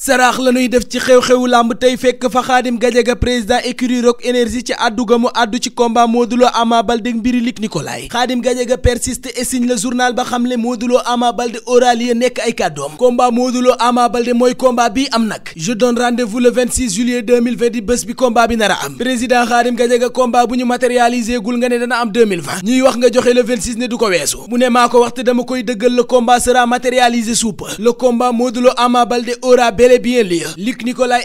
saraax la ñuy def ci xew-xewu làmb tey fekk fa Xaadim Gajaga président écurie Rock Énergie ci àddu ga mu àddu ci combat Modou Lo Ama Baldé mbiri Luc Nicolaï Xaadim Gajaga persiste et signe ba xamle Modou Lo Ama Baldé nekk ay kàddoom combat Modou Lo Ama mooy combat bi am nag je donne rendez-vous le 26 juillet 2020 di bés bi combat bi nar a am président Xaadim Gajaga combat bu ñu matérialisé nga ne dana am 2020 ñuy wax nga joxe le 26 ne du ko weesu mu ne maa ko waxte dama koy dëggal le combat sera matérialisé sous peu le combat Modou bel et bien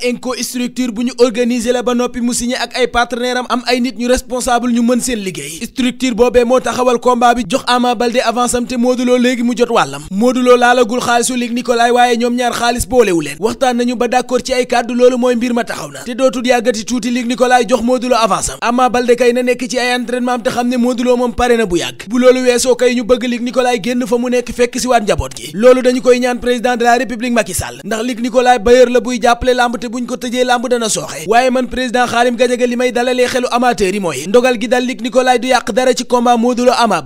Enco structure bu ñu organiser la ba noppi mu signé ak ay partenaire am am ay nit ñu responsable ñu mën seen liggéey structure boobee moo taxawal combat bi jox Ama Baldé avance am te Modou Lo léegi mu jot wàllam Modou Lo laalagul xaalisu Luc Nicolaï waaye ñoom ñaar xaalis boolewu leen waxtaan nañu ba d'accord ci ay kàddu loolu mooy mbir ma taxaw na te dootul yàggati tuuti Luc Nicolaï jox Modou Lo avance am Ama Baldé kay na nekk ci ay entraînement am te xam Lo moom pare na bu yàgg bu loolu weesoo kay ñu bëgg Luc Nicolaï génn Abdoulaye la buy jàppale lamb te buñ ko tëjee lamb dana sooxe waaye man président Khadim Gadiaga li may dalalee xelu amateur mooy ndogal gi dal Luc Nicolaï du yàq dara ci combat Modou Lo Ama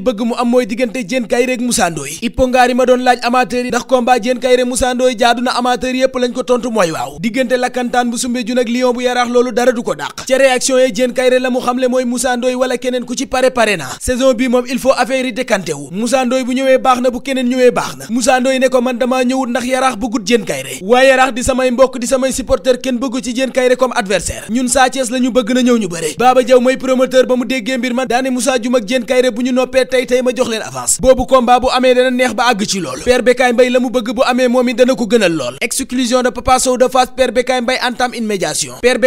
bëgg mu am mooy diggante Diène Kaïré ak Moussa Ndoye ma doon laaj amateur ndax combat Diène Kaïré Moussa jaadu na amateur yépp lañ ko tontu mooy waaw diggante lakkantaan bu sumbe nag Lion bu yaraax loolu dara du ko dàq ca réaction yi Diène na bu keneen ñëwee baax na Moussa Ndoye ne ko man damaa ñëwut ndax yaraax bëggut Diène Kairé waaye yaraax di samay mbokk di samay supporter kenn bëggu ci Diène Kairé comme adversaire ñun Sa Thiès la ñu bëgg na ñëw ñu bëre Baba Diaw mooy promoteur ba mu déggee mbir man daane Moussa Dioum ak Diène Kairé bu ñu noppee tey tey ma jox leen avance boobu combat bu amee dana neex ba àgg ci loolu Père Bekaay Mbaye la mu bëgg bu amee moom it dana ko gënal lool exclusion de Papa Sow de Fass Père Bekaay Mbaye entame une médiation Père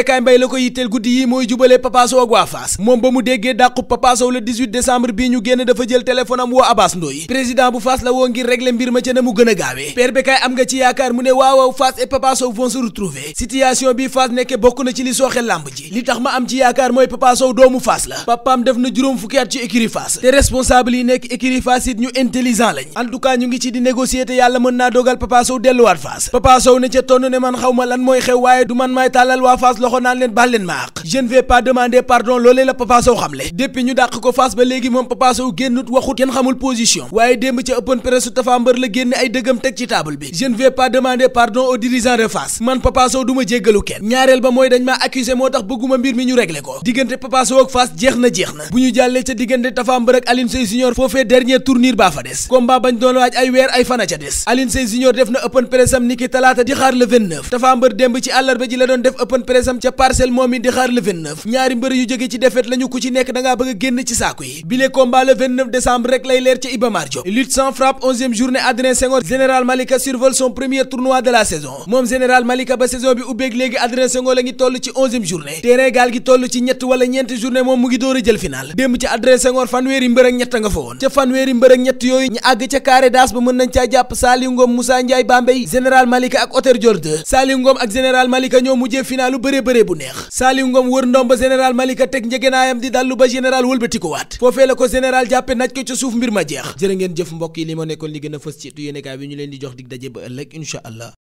mooy jubalee Papa Sow ak moom ba mu déggee dàqu Papa Sow le génn dafa jël téléphone am woo Abass Ndoye président Fass la woo ngir régler mbir ma ca a gaawee na ci li sooxe làmb ji li tax ma la papaam def na ngi ci di négocier te yàlla mën naa dogal Papa delluwaat Fass Papa ne ca tonn ne man xaw ma lan mooy xew waaye du man maay tàllal waa Fass loxo naan leen baal leen ma àq je pas demander pardon loolee la Papa xamle depuis ñu dàq ko Fass ba léegi moom Papa génnut waxut kenn xamul position waaye démb ca open press Tapha Mbeur la génne ay dëggam teg ci table bi je pas demander pardon aux dirigeants de Fass man Papa Sow jéggalu kenn ñaareel ba mooy dañ maa accusé moo tax bëgguma mbir mi ñu réglé ko diggante Papa ak Fass jeex na jeex na bu ñu jàllee ca diggante Tapha Mbeur ak Alioune Seye Junior foofee dernier tournir baa fa des combat bañ doon waaj ay weer ay fana ca des Alioune Seye Junior def na open press am talaata di xaar le 29 Tapha Mbeur démb ci àllarba ji la doon mbër yu ci défaite lañu a génn ci saaku yi bile le frappe onzième journée Adrien Senghor général Malika survole son premier tournoi de la saison moom général Malika ba saison bi ubbeeg léegi Adrien Senghor la ngi toll ci onzième journée terrain gaal gi toll ci ñett wala ñeenti journée moom mu ngi door a jël final démb ci Adrien Senghor fanweeri mbër ak ñett nga fa woon ca fanweeri mbër ak ñett yooyu ñu àgg ca carré d'as ba mën nañ caa jàpp Saliou Ngom Moussa Ndiaye Bambey général Malika ak Oter Dior 2 Saliou Ngom ak général Malika ñoo mujjee finalu bëree bëree bu neex Saliou Ngom wër di dallu ba général wëlbatikuwaat foofee la ko ko ca suuf mbir ma jeex jërë ngeen jëf mbokk li ma nekkoon li gën a fës ci tu bi ñu leen di jox dig daje ba ëllëg incha allah